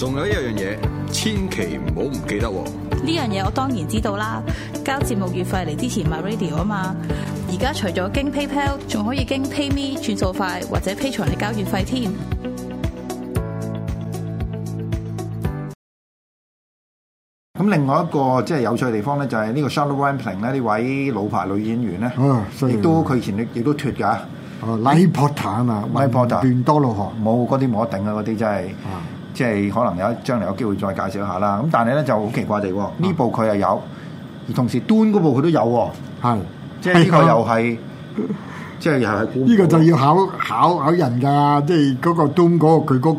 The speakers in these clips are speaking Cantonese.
仲有一樣嘢，千祈唔好唔記得喎！呢樣嘢我當然知道啦，交節目月費嚟之前買 radio 啊嘛。而家除咗經 PayPal，仲可以經 PayMe 轉數快，或者 Pay 財嚟交月費添。咁另外一個即係、就是、有趣嘅地方咧，就係呢個 s h a r l o t e p l i n 咧，呢位老牌女演員咧，亦都佢前日亦都脱架。哦，Lie 啊 l 博 e d 多路行冇嗰啲冇得頂啊，嗰啲真係。即係可能有，將來有機會再介紹下啦。咁但係咧就好奇怪地、哦、呢、嗯、部佢又有，而同時端嗰部佢都有喎、哦。是即係呢個，嗯、個又係， 即係又係。呢個就要考考考人㗎，即係嗰個端嗰、嗰個佢嗰、嗰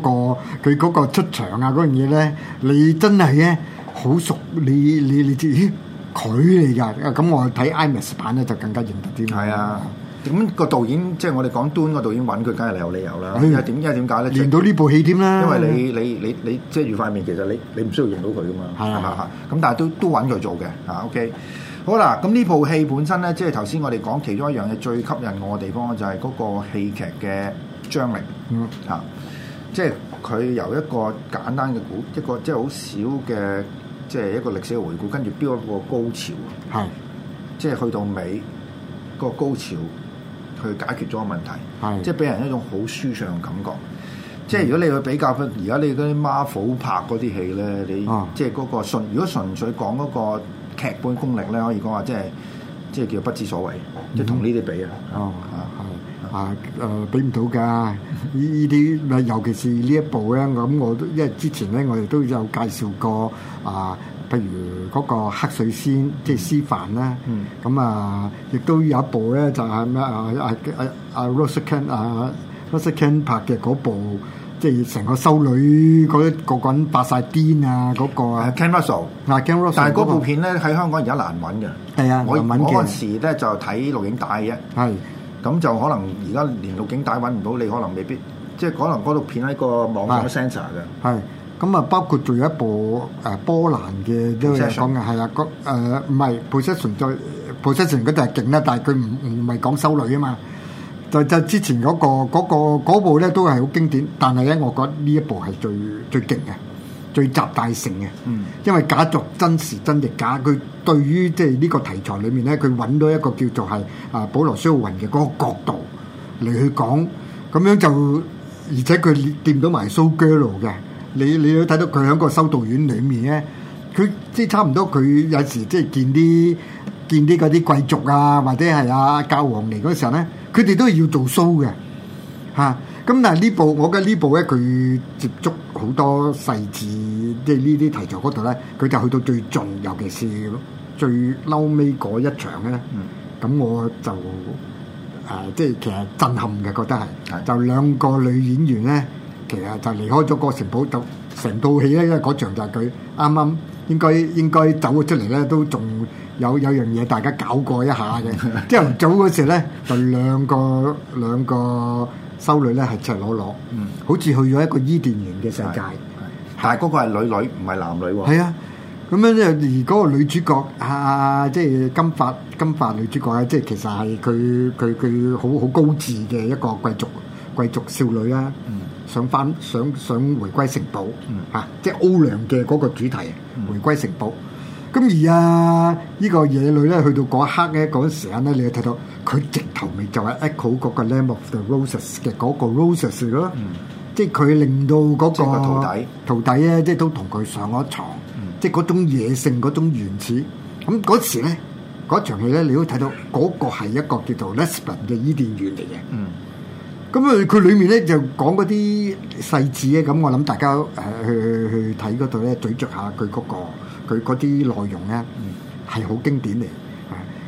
個佢嗰個出場啊嗰樣嘢咧，你真係咧好熟，你你你知佢嚟㗎。咁我睇 IMAX 版咧就更加認得啲。係啊。咁個導演即係我哋講端個導演揾佢，梗係有理由啦。因為點因為點解咧？演到呢部戲點咧？因為你你你你即係遮塊面，其實你你唔需要用到佢啊嘛。嚇嚇嚇！咁但係都都揾佢做嘅嚇。OK，好啦，咁呢部戲本身咧，即係頭先我哋講其中一樣嘢最吸引我嘅地方咧，就係嗰個戲劇嘅張力。嗯，即係佢由一個簡單嘅故一個即係好少嘅即係一個歷史嘅回顧，跟住標一個高潮。係，即係去到尾個高潮。去解決咗個問題，係是即係俾人一種好舒暢嘅感覺。嗯、即係如果你去比較而家你嗰啲 Marvel 拍嗰啲戲咧，你、啊、即係嗰個純如果純粹講嗰個劇本功力咧，可以講話即係即係叫不知所謂，嗯、即係同呢啲比、嗯、啊，啊係是啊誒，比唔到㗎。呢依啲咪尤其是呢一部咧，咁我都因為之前咧我哋都有介紹過啊。譬如嗰個黑水仙即係思凡啦，咁啊亦都有一部咧就係咩啊啊啊啊 Rose Ken 啊 Rose Ken 拍嘅嗰部，即係成個修女嗰嗰個人發曬癲啊嗰個啊。Ken Russell 啊，但係嗰部片咧喺香港而家難揾嘅。係啊，我我嗰陣時咧就睇錄影帶嘅。係，咁就可能而家連錄影帶揾唔到，你可能未必，即係可能嗰部片喺個網絡 sensor 嘅。係。咁啊，包括仲有一部誒波蘭嘅即係講嘅係啊，誒唔係 Procession》就《Procession》嗰度係勁啦，但係佢唔唔係講修女啊嘛。就就之前嗰個嗰個嗰部咧都係好經典，但係咧我覺得呢一部係最最勁嘅，最集大成嘅。嗯，因為假作真時真亦假，佢對於即係呢個題材裏面咧，佢揾到一個叫做係啊保羅蘇云嘅嗰個角度嚟去講，咁樣就而且佢掂到埋蘇 Girl 嘅。你你都睇到佢喺個修道院裏面咧，佢即係差唔多佢有時即係見啲見啲嗰啲貴族啊，或者係啊教皇嚟嗰時候咧，佢哋都要做 show 嘅嚇。咁、啊、但係呢部我覺得部呢部咧，佢接觸好多細節，即係呢啲題材嗰度咧，佢就去到最盡，尤其是最嬲尾嗰一場咧。咁、嗯、我就誒、啊、即係其實震撼嘅，覺得係就兩個女演員咧。其實就離開咗個城堡，就成套戲咧，因為嗰場就係佢啱啱應該應該走咗出嚟咧，都仲有有樣嘢大家搞過一下嘅。即 係唔早嗰時咧，就兩個兩個修女咧係赤裸裸，嗯，好似去咗一個伊甸園嘅世界，但係嗰個係女女唔係男女喎。係啊，咁樣咧，而嗰個女主角啊，即係金髮金髮女主角啊，即係其實係佢佢佢好好高智嘅一個貴族貴族少女啦。嗯想翻想想回歸城堡，嚇，即係歐良嘅嗰個主題，回歸城堡。咁而啊，呢個野女咧去到嗰一刻咧，嗰陣時間咧，你睇到佢直頭咪就係 echo 嗰個 name of the roses 嘅嗰個 roses 咯，即係佢令到嗰個徒弟徒弟咧，即係都同佢上咗牀，即係嗰種野性嗰種原始。咁嗰時咧，嗰一場戲咧，你都睇到嗰個係一個叫做 Lesbian 嘅伊甸園嚟嘅。咁啊，佢、嗯、裏面咧就講嗰啲細節咧，咁、嗯、我諗大家誒、呃、去去去睇嗰度咧，咀嚼下佢嗰、嗰個佢嗰啲內容咧，係、嗯、好經典嚟。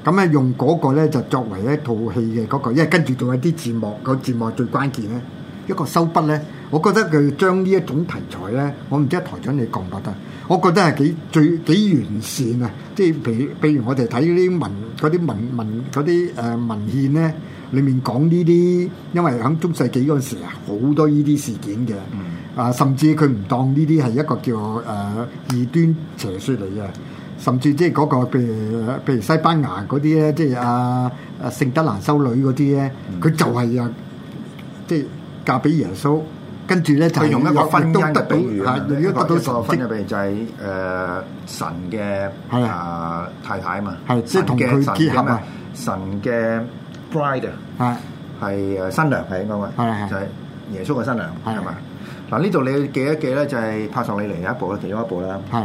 咁、嗯、咧用嗰個咧就作為一套戲嘅嗰、嗰個，因為跟住仲有啲字幕，嗰個字幕最關鍵咧，一個收筆咧。我覺得佢將呢一種題材咧，我唔知阿台長你覺唔覺得？我覺得係幾最幾完善啊！即係譬如譬如我哋睇啲文嗰啲文文啲誒文獻咧，裡面講呢啲，因為喺中世紀嗰陣時、嗯、啊，好多呢啲事件嘅，啊甚至佢唔當呢啲係一個叫誒異、呃、端邪説嚟嘅，甚至即係嗰個譬如譬如西班牙嗰啲咧，即係阿阿聖德蘭修女嗰啲咧，佢、嗯、就係啊，即係嫁俾耶穌。跟住咧就用一個婚姻嘅比喻，你如果得到個婚姻嘅比喻就係誒神嘅啊太太嘛，係即係同佢結合啊，神嘅 Bride 係係誒新娘係應該嘅，係係耶穌嘅新娘係嘛？嗱呢度你記一記咧，就係帕索里尼有一部嘅其中一部啦，係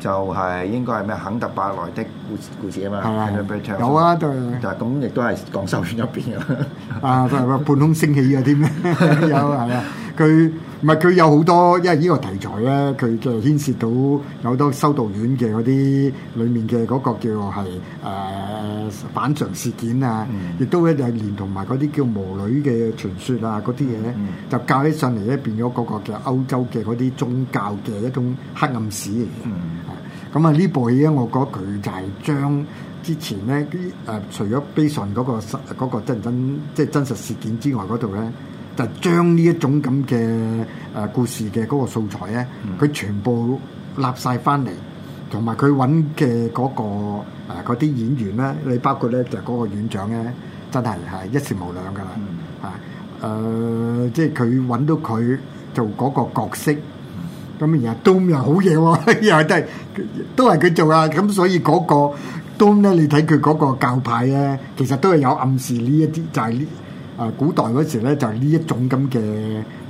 就係應該係咩肯特伯來的故事故事啊嘛，有啊，就咁亦都係講修院入邊嘅啊，仲係半空升起嘅添，有係啊。佢唔係佢有好多，因為呢個題材咧，佢就牽涉到有好多修道院嘅嗰啲裡面嘅嗰個叫做係、呃、反常事件啊，亦、嗯、都一就係連同埋嗰啲叫魔女嘅傳說啊嗰啲嘢，嗯、就教起上嚟變咗嗰個嘅歐洲嘅嗰啲宗教嘅一種黑暗史嚟嘅。咁啊、嗯，呢、嗯、部戲咧，我覺得佢就係將之前咧誒，除咗悲傷嗰個真真即係真實事件之外呢，嗰度咧。就將呢一種咁嘅誒故事嘅嗰個素材咧，佢、嗯、全部立晒翻嚟，同埋佢揾嘅嗰個嗰啲、啊、演員咧，你包括咧就嗰個院長咧，真係係一時無兩㗎啦，嗯、啊誒、呃，即係佢揾到佢做嗰個角色，咁、嗯、然後冬又好嘢喎、哦，又都係都係佢做啊，咁所以嗰、那個冬咧，你睇佢嗰個教派咧，其實都係有暗示呢一啲就係、是、呢。誒古代嗰時咧就係呢一種咁嘅，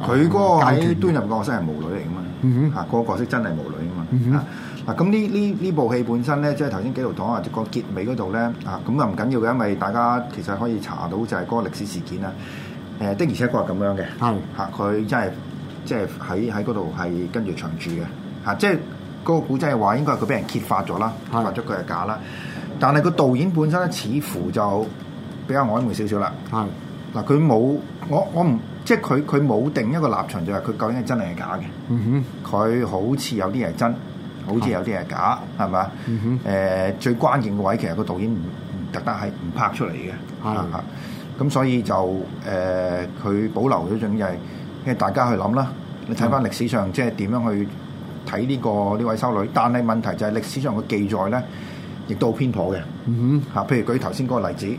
佢嗰個喺端入個角色係無女嚟嘅嘛，嚇、嗯哼啊、個角色真係無女啊嘛，嗱咁呢呢呢部戲本身咧，即係頭先紀陶講啊個結尾嗰度咧，嚇咁又唔緊要嘅，因為大家其實可以查到就係嗰個歷史事件啦。誒、啊、的而且確係咁樣嘅，嚇佢的、啊、真係即係喺喺嗰度係跟住長住嘅，嚇、啊、即係嗰個古仔話應該係佢俾人揭發咗啦，的發出佢係假啦，但係個導演本身咧似乎就比較曖昧少少啦，係的。嗱，佢冇，我我唔，即係佢佢冇定一個立場，就係佢究竟係真定係假嘅。哼，佢好似有啲係真，好似有啲係假，係咪？嗯哼，誒，最關鍵嘅位其實個導演唔唔特登係唔拍出嚟嘅，係嘛、嗯哼？咁所以就誒，佢、呃、保留咗、種，就係因為大家去諗啦。你睇翻歷史上，即係點樣去睇呢、呢個呢位修女？但係問題就係歷史上嘅記載咧，亦都好偏頗嘅。嗯、哼，嚇，譬如舉頭先嗰個例子。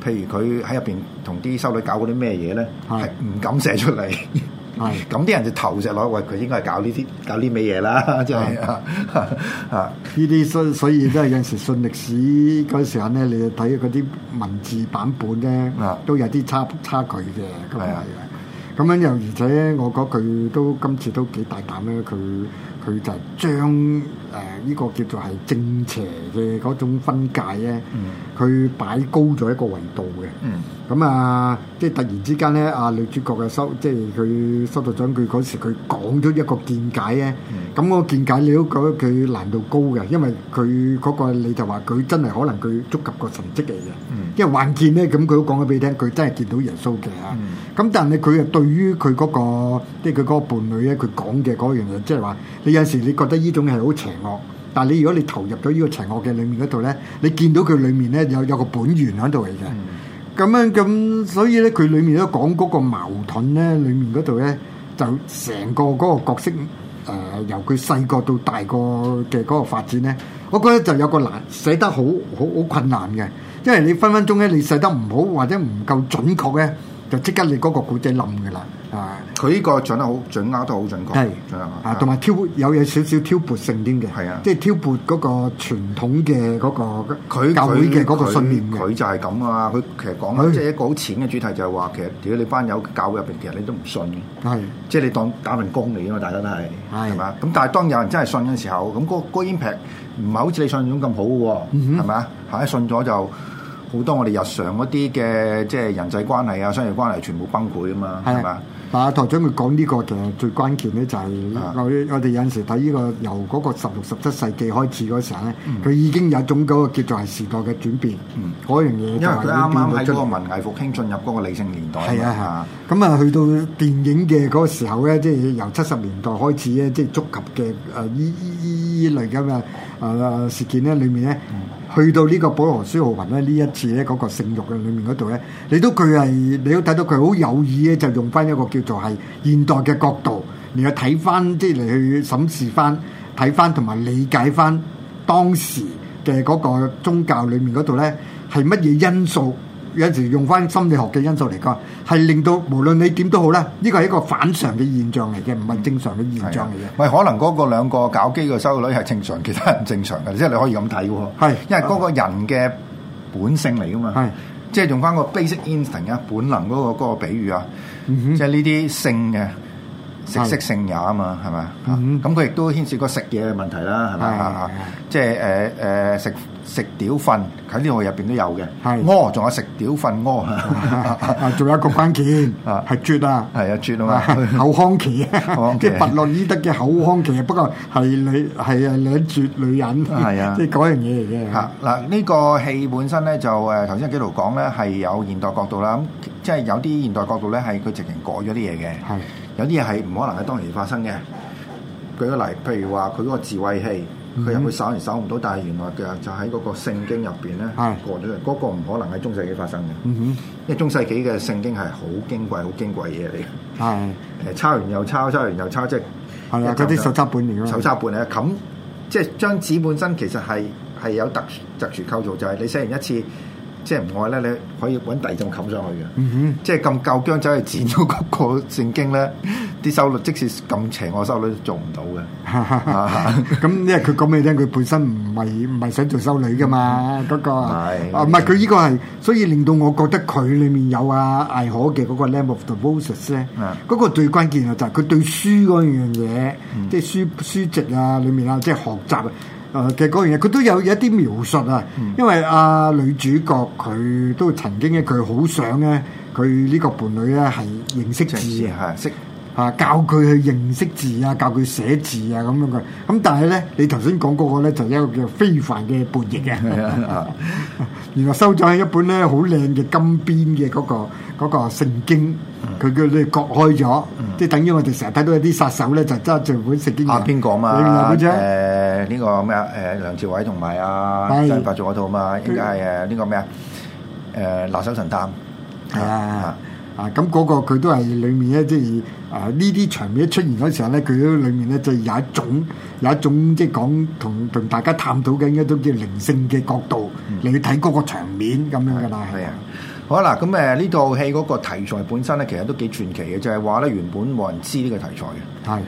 譬如佢喺入邊同啲修女搞嗰啲咩嘢咧，係唔是敢寫出嚟。係咁啲人就投石落，喂佢應該係搞呢啲搞呢味嘢啦，就係啊！啊呢啲所所以真係有時信歷史嗰時刻咧，你就睇嗰啲文字版本咧，啊都有啲差差距嘅咁啊，咁樣又而且我覺得佢都今次都幾大膽啦，佢佢就將。誒呢個叫做係正邪嘅嗰種分界咧，佢擺高咗一個維度嘅。咁啊，即係突然之間咧，啊女主角嘅收，即係佢修道長，佢嗰時佢講咗一個見解咧。咁個見解你都覺得佢難度高嘅，因為佢嗰個你就話佢真係可能佢觸及個神蹟嚟嘅。因為幻見咧，咁佢都講咗俾你聽，佢真係見到耶穌嘅嚇。咁但係咧，佢對於佢嗰個，即係佢嗰個伴侶咧，佢講嘅嗰樣嘢，即係話你有時你覺得呢種係好邪。惡，但係你如果你投入咗呢個邪惡嘅裏面嗰度咧，你見到佢裏面咧有有個本源喺度嚟嘅。咁、嗯、樣咁，所以咧佢裏面都講嗰個矛盾咧，裏面嗰度咧就成個嗰個角色誒、呃，由佢細個到大個嘅嗰個發展咧，我覺得就有個難寫得好好好困難嘅，因為你分分鐘咧你寫得唔好或者唔夠準確咧。就即刻你嗰個古仔冧嘅啦，啊！佢呢個掌得好準確都好準確，係啊，同埋挑有嘢少少挑撥性啲嘅，係啊，即係挑撥嗰個傳統嘅嗰個，佢教會嘅嗰個信念佢就係咁啊！佢其實講即係一個好淺嘅主題，就係話其實如果你班友教會入邊，其實你都唔信嘅，係即係你當打份工嚟啊嘛，大家都係係嘛？咁但係當有人真係信嘅時候，咁嗰個嗰個 impact 唔係好似你想象咁好嘅喎，係嘛？係一信咗就。好多我哋日常嗰啲嘅即係人際關係啊、商業關係全部崩潰啊嘛，係嘛？嗱，台長佢講呢個其實最關鍵咧就係佢我哋有陣時睇呢個由嗰個十六十七世紀開始嗰時候咧，佢已經有種嗰個叫做係時代嘅轉變，嗰樣嘢因為佢啱啱喺嗰個文藝復興進入嗰個理性年代。係啊，咁啊，去到電影嘅嗰個時候咧，即係由七十年代開始咧，即係觸及嘅誒依依依類咁嘅誒事件咧，裡面咧。去到呢個保羅斯浩雲咧，呢一次咧嗰個聖慾嘅裏面嗰度咧，你都佢係，你都睇到佢好有意咧，就用翻一個叫做係現代嘅角度嚟去睇翻，即係嚟去審視翻、睇翻同埋理解翻當時嘅嗰個宗教裏面嗰度咧係乜嘢因素。有時用翻心理學嘅因素嚟講，係令到無論你點都好啦，呢個係一個反常嘅現象嚟嘅，唔係正常嘅現象嚟嘅。唔可能嗰個兩個搞基嘅收率係正常，其他人正常嘅，即係你可以咁睇喎。係是，因為嗰個人嘅本性嚟噶嘛。係是，即係用翻個 basic instinct 本能嗰個嗰個比喻啊，即係呢啲性嘅食色性也啊嘛，係咪啊？咁佢亦都牽涉過食嘢嘅問題啦，係咪？即係誒誒食。食屌瞓喺呢部入邊都有嘅，屙仲有食屌瞓屙，啊仲有一個關鍵啊係啜啊，係啊啜啊嘛，口腔期啊，即係佛洛伊德嘅口腔期啊，不過係女係啊兩啜女人，係啊即係嗰樣嘢嚟嘅。嗱呢個戲本身咧就誒頭先幾度講咧係有現代角度啦，咁即係有啲現代角度咧係佢直情改咗啲嘢嘅，有啲嘢係唔可能喺當時發生嘅。舉個例，譬如話佢嗰個自慰器。佢有冇搜嚟搜唔到？但係原來嘅就喺嗰個聖經入邊咧過咗，嗰、mm hmm. 個唔可能喺中世紀發生嘅。Mm hmm. 因為中世紀嘅聖經係好矜貴、好矜貴嘅嘢嚟嘅。係誒、mm hmm. 呃，抄完又抄，抄完又抄，即係係啊，嗰啲、mm hmm. 手抄半年咯，手抄半年冚，即係張紙本身其實係係有特特殊構造，就係、是、你寫完一次。即係唔愛咧，你可以搵第二種冚上去嘅。即係咁夠薑，走去剪咗嗰個聖經咧，啲修律即使咁邪惡我修女都做唔到嘅。咁因為佢講俾你聽，佢本身唔係唔係想做修女嘅嘛，嗰個。啊唔係，佢呢個係，所以令到我覺得佢裡面有啊艾可嘅嗰個 Name of the Rose 咧。嗰個最關鍵就係佢對書嗰樣嘢，即係書書籍啊，裡面啊，即係學習啊。誒其實嗰樣嘢，佢、呃、都有一啲描述啊，嗯、因為阿、啊、女主角佢都曾經咧，佢好想咧，佢呢個伴侶咧係認識字啊，識。啊！教佢去認識字啊，教佢寫字啊咁樣嘅。咁但係咧，你頭先講嗰個咧，就一個叫非凡嘅薄翼嘅。原來收咗喺一本咧好靚嘅金邊嘅嗰個嗰個聖經，佢叫你割開咗，即係等於我哋成日睇到有啲殺手咧就揸著本聖經。啊，邊個嘛？誒呢個咩啊？誒梁朝偉同埋阿張柏芝做嗰套嘛，應該係誒呢個咩啊？誒拿手神探啊！啊，咁嗰個佢都係裡面咧，即係誒呢啲場面一出現嗰時候咧，佢都裡面咧就有一種有一種即係講同同大家探討緊嘅一種叫靈性嘅角度嚟睇嗰個場面咁樣㗎啦。係啊，好啦，咁誒呢套戲嗰個題材本身咧，其實都幾傳奇嘅，就係話咧原本冇人知呢個題材嘅。係，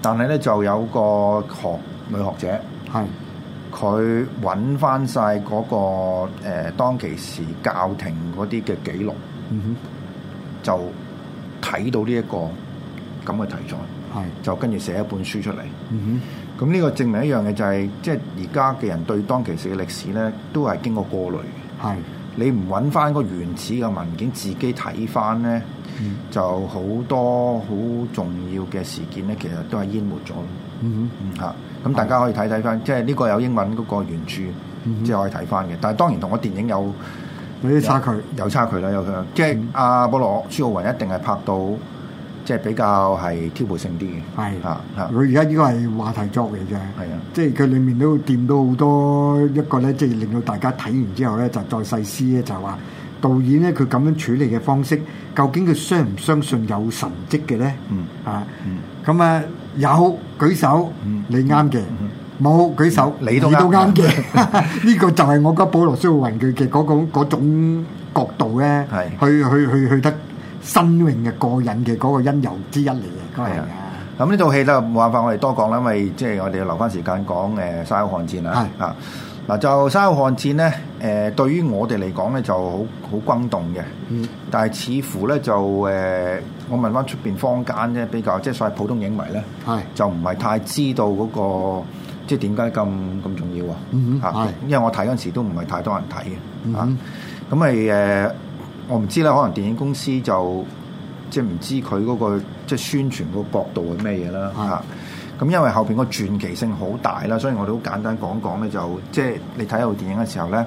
但係咧就有個學女學者係，佢揾翻晒嗰個誒當其時教廷嗰啲嘅記錄。嗯哼。就睇到呢、這、一個咁嘅題材，的就跟住寫一本書出嚟。咁呢、嗯、哼個證明一樣嘅就係、是，即係而家嘅人對當其時嘅歷史咧，都係經過過濾。的你唔揾翻個原始嘅文件，自己睇翻咧，嗯、就好多好重要嘅事件咧，其實都係淹沒咗。嚇、嗯哼！咁的大家可以睇睇翻，即係呢個有英文嗰個原著，即係、嗯、哼可以睇翻嘅。但係當然同個電影有。有差距，有差距啦，有差距。即係阿保羅、舒、嗯啊、浩文一定係拍到，即、就、係、是，比較係挑撥性啲嘅。係啊啊！佢而家依個係話題作嚟嘅。係啊，即係佢裏面都掂到好多一個咧，即係令到大家睇完之後咧，就再細思咧，就話導演咧，佢咁樣處理嘅方式，究竟佢相唔相信有神跡嘅咧？嗯啊，咁啊有舉手，你啱嘅。嗯嗯嗯嗯嗯冇舉手，你都啱嘅，呢個就係我覺得保羅需要還佢嘅嗰種嗰種角度咧，去去去去得新穎嘅過癮嘅嗰個因由之一嚟嘅。係啊，咁呢套戲咧冇辦法，我哋多講啦，因為即係我哋要留翻時間講誒《沙丘瀚戰》啦。係啊，嗱就《沙丘瀚戰》咧，誒對於我哋嚟講咧就好好轟動嘅。嗯，但係似乎咧就誒，我問翻出邊坊間咧，比較即係所謂普通影迷咧，係就唔係太知道嗰個。即係點解咁咁重要啊？啊、mm，hmm. 因為我睇嗰陣時都唔係太多人睇嘅。Mm hmm. 啊，咁咪誒，我唔知啦。可能電影公司就即係唔知佢嗰、嗰個即係宣傳個角度係咩嘢啦。Mm hmm. 啊，咁因為後邊個傳奇性好大啦，所以我哋好簡單講講咧，就即係你睇嗰部電影嘅時候咧，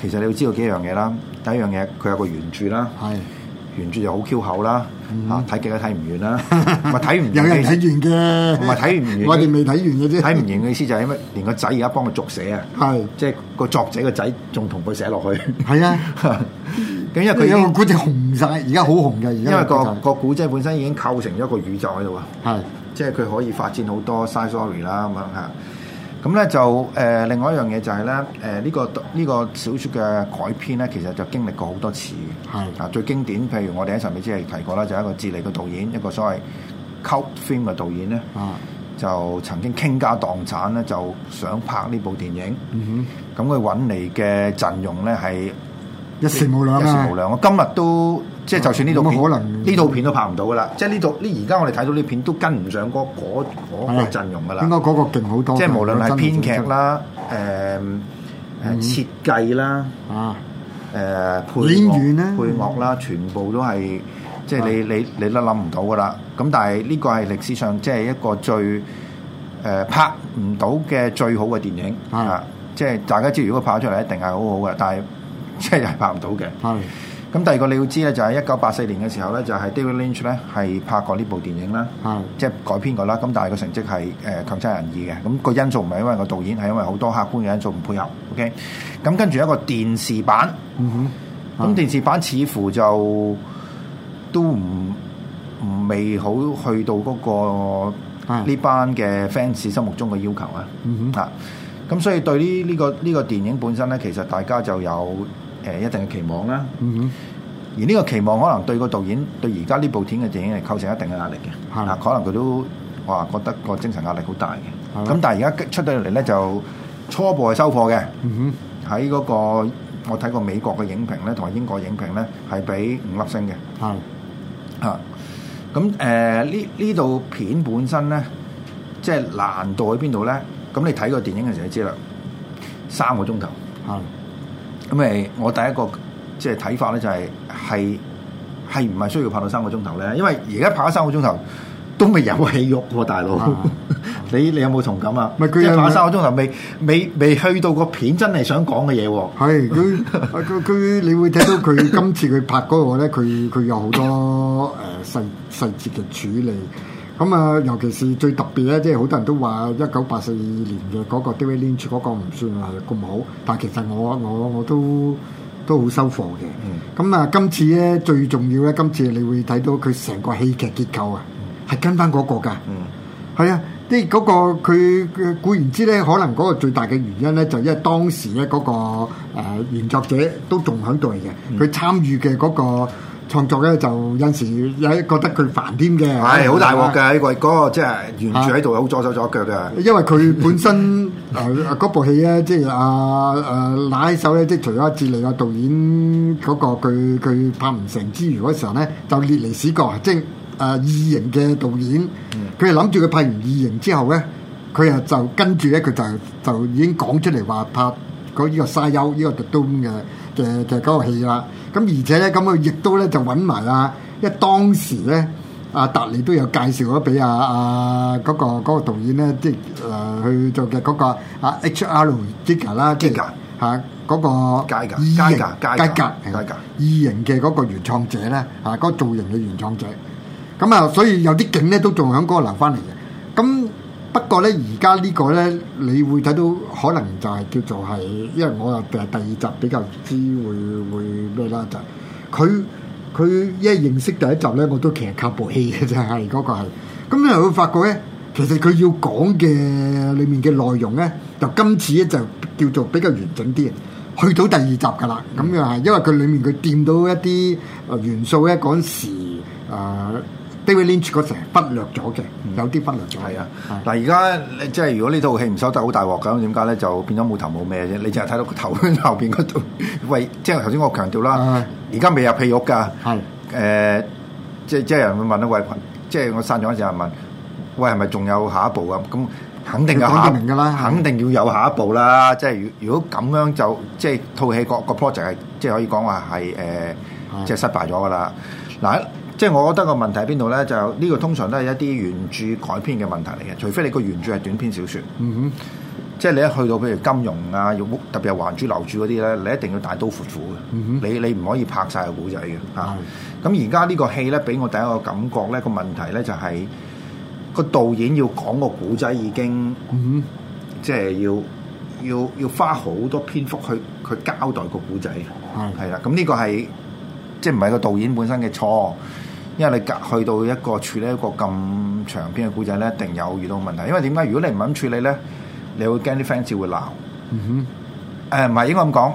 其實你要知道幾樣嘢啦。第一樣嘢，佢有個原著啦。Mm hmm. 啊嗯原著就好 Q 厚啦，嚇睇極都睇唔完啦，咪睇完？ 完 有人睇完嘅，唔係睇完。 我哋未睇完嘅啫。睇唔完嘅意思就係因為連個仔而家幫佢續寫啊，係即係個作者個仔仲同佢寫落去。係啊，咁因為佢一個古仔紅晒，而家好紅嘅。因為個因為個古仔本身已經構成咗一個宇宙喺度啊，係的 即係佢可以發展好多 side story 啦咁樣嚇。咁咧就誒、呃，另外一樣嘢就係、是、咧，誒、呃、呢、這個呢、這個小説嘅改編咧，其實就經歷過好多次嘅。係啊的，最經典，譬如我哋喺上面先係提過啦，就是、一個智利嘅導演，一個所謂 cult film 嘅導演咧，的就曾經傾家蕩產咧，就想拍呢部電影。嗯、哼，咁佢揾嚟嘅陣容咧係一時無兩一,一時無兩，我今日都。即係就算呢套、嗯，冇可能呢套片都拍唔到㗎喇！即係呢套呢而家我哋睇到呢片都跟唔上嗰、嗰、嗰、個嗰個陣容㗎喇。應該嗰個勁好多。即係無論係編劇啦，誒誒、嗯啊、設計啦，啊誒配樂幕配樂啦，全部都係、嗯、即係你你你，你都諗唔到㗎喇！咁但係呢個係歷史上即係一個最誒、呃、拍唔到嘅最好嘅電影、嗯、啊！即係大家知如果拍出嚟一定係好好嘅，但係即係又係拍唔到嘅。嗯嗯嗯。咁第二個你要知咧，就係一九八四年嘅時候咧，就係、是、David Lynch 咧係拍過呢部電影啦，的即係改編過啦。咁但係個成績係誒、呃、強差人意嘅。咁、那個因素唔係因為個導演，係因為好多客觀嘅因素唔配合。OK，咁跟住一個電視版，咁、嗯、哼電視版似乎就都唔唔未好去到嗰、那個呢、嗯、哼班嘅 fans 心目中嘅要求啦。嗯、哼啊，咁所以對呢、這、呢個呢、這個電影本身咧，其實大家就有，誒一定嘅期望啦，嗯、哼而呢個期望可能對個導演對而家呢部片嘅電影係構成一定嘅壓力嘅，嗱的可能佢都話覺得個精神壓力好大嘅。咁的但係而家出到嚟咧就初步係收貨嘅，喺嗰、嗯哼嗰個我睇過美國嘅影評咧同埋英國影評咧係俾五粒星嘅。啊的，咁誒呢呢度片本身咧，即係難度喺邊度咧？咁你睇個電影嘅時候，你知啦，三個鐘頭。咁誒，我第一個即係睇法咧，就是，就係係係唔係需要拍到三個鐘頭咧？因為而家拍咗三個鐘頭都未有戲肉喎，大佬，啊，你你有冇同感啊？咪佢又拍三個鐘頭未未未去到個片真係想講嘅嘢喎。係佢佢佢，你會睇到佢 今次佢拍嗰，那個咧，佢佢有好多誒細細節嘅處理。咁啊，尤其是最特別咧，即係好多人都話一九八四年嘅嗰個《David Lynch》嗰個唔算係咁好，但係其實我我我都都好收貨嘅。咁啊、嗯，今次咧最重要咧，今次你會睇到佢成個戲劇結構、嗯、啊，係跟翻嗰個㗎。係啊，即係嗰個佢固然之咧，可能嗰個最大嘅原因咧，就因為當時咧、那、嗰個、呃、原作者都仲喺度嚟嘅，佢參與嘅嗰、那個。創作咧就有時有覺得佢煩啲嘅，係好、哎嗯、大鑊嘅，呢位哥即係完全喺度好左手左腳嘅。因為佢本身嗰、 呃、部戲咧，即係阿誒拿起手咧，即係除咗智利啊導演嗰、那個，佢佢拍唔成之餘嗰時候咧，就列離死角啊！即係誒異形嘅導演，佢係諗住佢拍完異形之後咧，佢又就跟住咧，佢就就已經講出嚟話拍嗰、這、呢個沙丘呢個特登嘅嘅嘅嗰個戲啦。咁而且咧，咁佢亦都咧就揾埋啊，因為當時咧，阿達利都有介紹咗俾啊，阿嗰個嗰導演咧，即係誒去做嘅嗰個啊 H.R. Giger 啦，即係嚇嗰個異形異形嘅嗰個原創者咧，嚇嗰造型嘅原創者，咁、那、啊、個，所以有啲景咧都仲喺嗰度留翻嚟嘅，咁。不過咧，而家呢個咧，你會睇到可能就係叫做係，因為我又第第二集比較知會會咩啦，就佢、係、佢一認識第一集咧，我都其實靠部戲嘅就係嗰個係。咁你會發覺咧，其實佢要講嘅裡面嘅內容咧，就今次咧就叫做比較完整啲，去到第二集噶啦。咁又係，因為佢裡面佢掂到一啲元素咧，陣時啊。呃 David Lynch 嗰時係忽略咗嘅，有啲忽略咗。係啊、嗯，但而家即係如果呢套戲唔收得好大鑊咁，點解咧就變咗冇頭冇尾嘅啫？你淨係睇到個頭喺後邊嗰度。喂，即係頭先我強調啦，而家、嗯、未入戲肉㗎。係誒的、呃，即係即係有人會問啊，衞即係我散咗之後問，喂，係咪仲有下一步啊？咁肯定有下，肯定要有下一步啦的。即係如果咁樣就即係套戲個個 project 係即係可以講話係誒，即係失敗咗㗎啦。嗱。即係我覺得個問題喺邊度咧？就呢個通常都係一啲原著改編嘅問題嚟嘅，除非你個原著係短篇小説。嗯哼。即係你一去到譬如金庸啊，特別係還珠樓主嗰啲咧，你一定要大刀闊斧嘅、嗯哼。你你唔可以拍晒個古仔嘅。啊是。咁而家呢個戲咧，俾我第一個感覺咧，個問題咧就係個導演要講個古仔已經，嗯、哼即係要要要花好多篇幅去去交代個古仔。是嗯。係啦。咁呢個係即係唔係個導演本身嘅錯？因為你隔去到一個處理一個咁長篇嘅故仔咧，一定有遇到問題。因為點解？如果你唔肯處理咧，你會驚啲 fans 會鬧。誒唔係應該咁講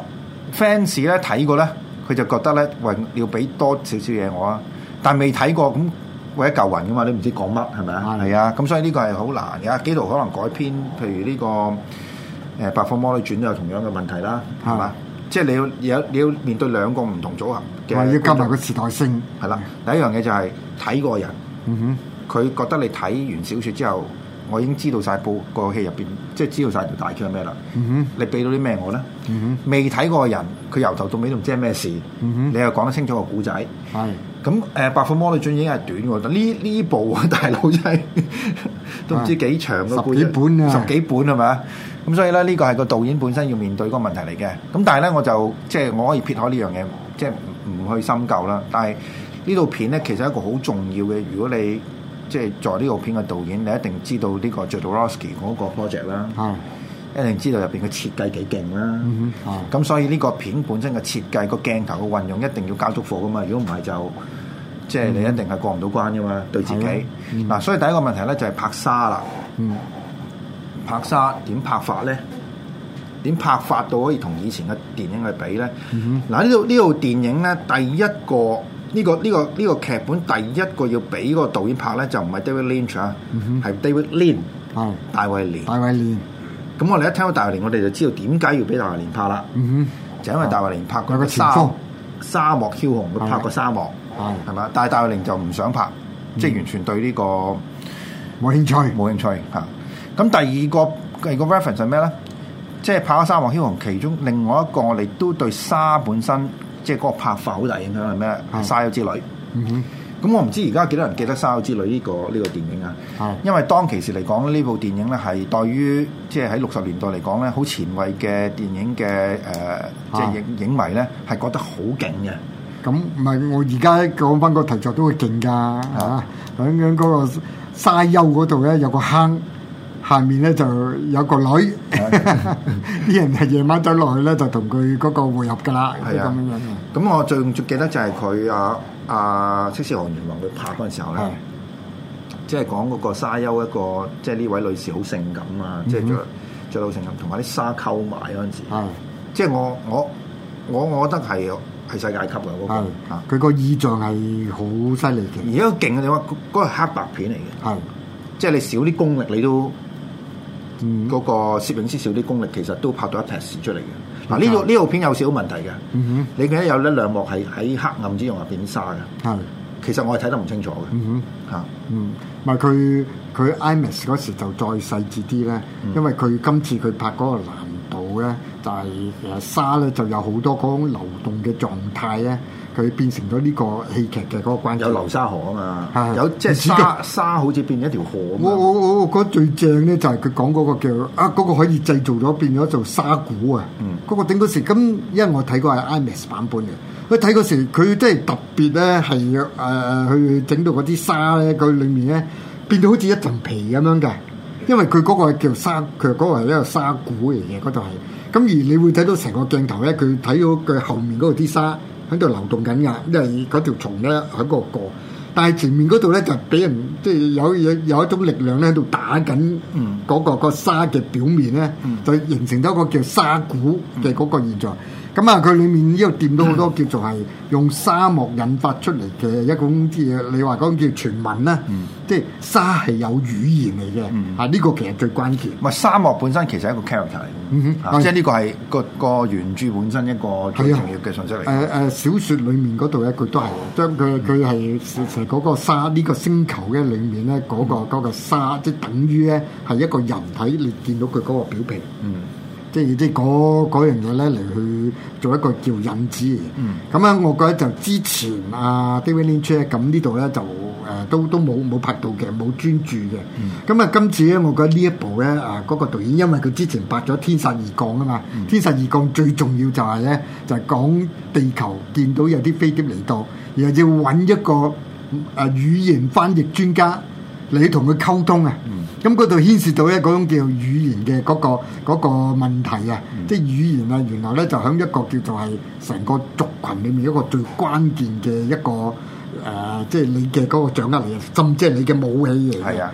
，fans 咧睇過咧，佢就覺得咧，喂要俾多少少嘢我啊。但係未睇過咁為一嚿雲噶嘛，你唔知講乜係咪啊？係啊，咁所以呢個係好難嘅。幾度可能改編，譬如呢、呢個誒《白、呃、髮魔女傳》都有同樣嘅問題啦，係嘛吧？嗯即係你要有你要面對兩個唔同組合嘅，要加埋個時代性係啦。第一樣嘢就係睇個人，嗯哼，佢覺得你睇完小說之後。我已經知道晒部個戲入邊，即係知道晒條大橋係咩啦。Mm hmm. 你俾到啲咩我咧？未睇、mm hmm. 過嘅人，佢由頭到尾都唔知係咩事。Mm hmm. 你又講得清楚個故仔。係、mm。咁、hmm. 誒，呃《白髮魔女傳》已經係短喎，但呢呢部啊，大佬真係 都唔知幾長個、 啊、本十幾本啊，十幾本係咪？咁所以咧，呢個係個導演本身要面對個問題嚟嘅。咁但係咧，我就即係我可以撇開呢樣嘢，即係唔去深究啦。但係呢套片咧，其實一個好重要嘅，如果你即係做呢套片嘅導演，你一定知道呢個 Jodorowsky、er、嗰個 project 啦、uh，huh. 一定知道入邊嘅設計幾勁啦。咁、uh huh. uh huh. 所以呢個片本身嘅設計，個鏡頭嘅運用一定要交足貨㗎嘛，如果唔係就即係你一定係過唔到關㗎嘛、uh huh. 對自己。嗱、uh huh. 啊，所以第一個問題咧就係、是、拍沙啦，uh huh. 拍沙點拍法咧？點拍法到可以同以前嘅電影去比咧？嗱呢度呢套電影咧，第一個，第一個，第一個。呢、這個呢、這個呢、這個劇本第一個要俾個導演拍咧，就唔係 David Lynch 啊，係、嗯、哼 David Lean，是大衛廉。大衛廉，咁我哋一聽到大衛廉，我哋就知道點解要俾大衛廉拍啦。嗯、哼就因為大衛廉拍過個沙沙漠梟雄，佢拍過沙漠，係咪嗎？但係大衛廉就唔想拍，即係、嗯、完全對呢、這個冇興趣，冇興趣嚇。咁第二個第二個 Reference 係咩咧？即、就、係、是、拍《沙漠梟雄》，其中另外一個我哋都對沙本身。即係嗰個拍法好大影響係咩？《沙丘之女》咁、 嗯、我唔知而家幾多人記得《沙丘之女》呢、呢個呢、呢個電影啊？ 因為當其時嚟講呢部電影咧，係對於即係喺六十年代嚟講咧，好前衛嘅電影嘅誒、呃、即係影影迷咧係覺得好勁嘅。咁唔係我而家講翻個題材都會勁㗎嚇。響嗰、啊啊嗯嗰個沙丘嗰度咧，有個坑。下面咧就有個女 個，啲人係夜晚走落去咧，就同佢嗰個會合噶啦。係啊，咁我最最記得就係佢啊啊，勅使河原宏佢拍嗰陣時候咧，即係講嗰個沙丘一個，即係呢位女士好性感啊，即係著老成咁同埋啲沙溝埋嗰陣時。即係是的 我我我我覺得係係世界級嘅嗰、嗰個佢個意象係好犀利嘅。而家勁嘅地方，嗰、嗰個黑白片嚟嘅，係即係你少啲功力，你都。嗰、嗯、個攝影師少啲功力，其實都拍到一撇屎出嚟嘅。嗱的，呢套呢套片有少少問題嘅。嗯、哼你記得有呢兩幕係喺黑暗之中入邊沙嘅。係的，其實我係睇得唔清楚嘅。嚇，嗯，唔係佢佢 IMAX 嗰時就再細緻啲咧，嗯、因為佢今次佢拍嗰個難度咧，就係、是、誒沙咧就有好多嗰種流動嘅狀態咧。佢變成咗呢個戲劇嘅嗰個慣有流沙河啊嘛，啊有即係沙是沙好似變咗一條河咁。我我我覺得最正咧就係佢講嗰個叫啊嗰、嗰個可以製造咗變咗做沙鼓啊。嗯，嗰個頂嗰時咁，因為我睇過係 IMAX 版本嘅，佢睇嗰時佢真係特別咧，係誒去整到嗰啲沙咧，佢裡面咧變到好似一陣皮咁樣嘅。因為佢嗰個係叫沙，佢嗰個係一個沙鼓嚟嘅嗰度係。咁、那個、而你會睇到成個鏡頭咧，佢睇到佢後面嗰度啲沙。喺度流動緊㗎，因為嗰條蟲咧喺嗰個，但係前面嗰度咧就俾人即係有有有一種力量咧喺度打緊嗰個沙嘅表面咧，嗯、就形成咗一個叫沙鼓嘅嗰個現象。嗯嗯咁啊，佢、嗯、裏面呢個掂到好多叫做係用沙漠引發出嚟嘅一種啲嘢，你話嗰種叫傳聞咧，嗯、即係沙係有語言嚟嘅，嗯、啊呢、呢個其實最關鍵。唔係沙漠本身其實係一個 character，嗯哼啊、即係呢個係個個原著本身一個最重要嘅信息嚟。誒誒、嗯呃呃，小説裡面嗰度一句都係將佢佢係其實嗰個沙呢、呢個星球嘅裏面咧，嗰、嗰個沙即係等於咧係一個人體，你見到佢嗰個表皮。嗯嗯嗯即係即係嗰樣嘢咧嚟去做一個叫引子，咁、嗯、啊，我覺得就之前啊 David Lynch 咁呢度咧就誒、呃、都都冇冇拍到嘅冇專注嘅，咁、嗯、啊今次咧我覺得呢一部咧啊嗰、那個導演因為佢之前拍咗《天煞異降》啊嘛，嗯《天煞異降》最重要就係咧就係、是、講地球見到有啲飛碟嚟到，然後要揾一個啊語言翻譯專家。你同佢溝通啊，咁嗰度牽涉到咧嗰種叫語言嘅嗰個嗰個問題啊，即係語言啊，原來咧就喺一個叫做係成個族群裏面一個最關鍵嘅一個誒，即係你嘅嗰個掌握嚟嘅，甚至係你嘅武器嚟嘅。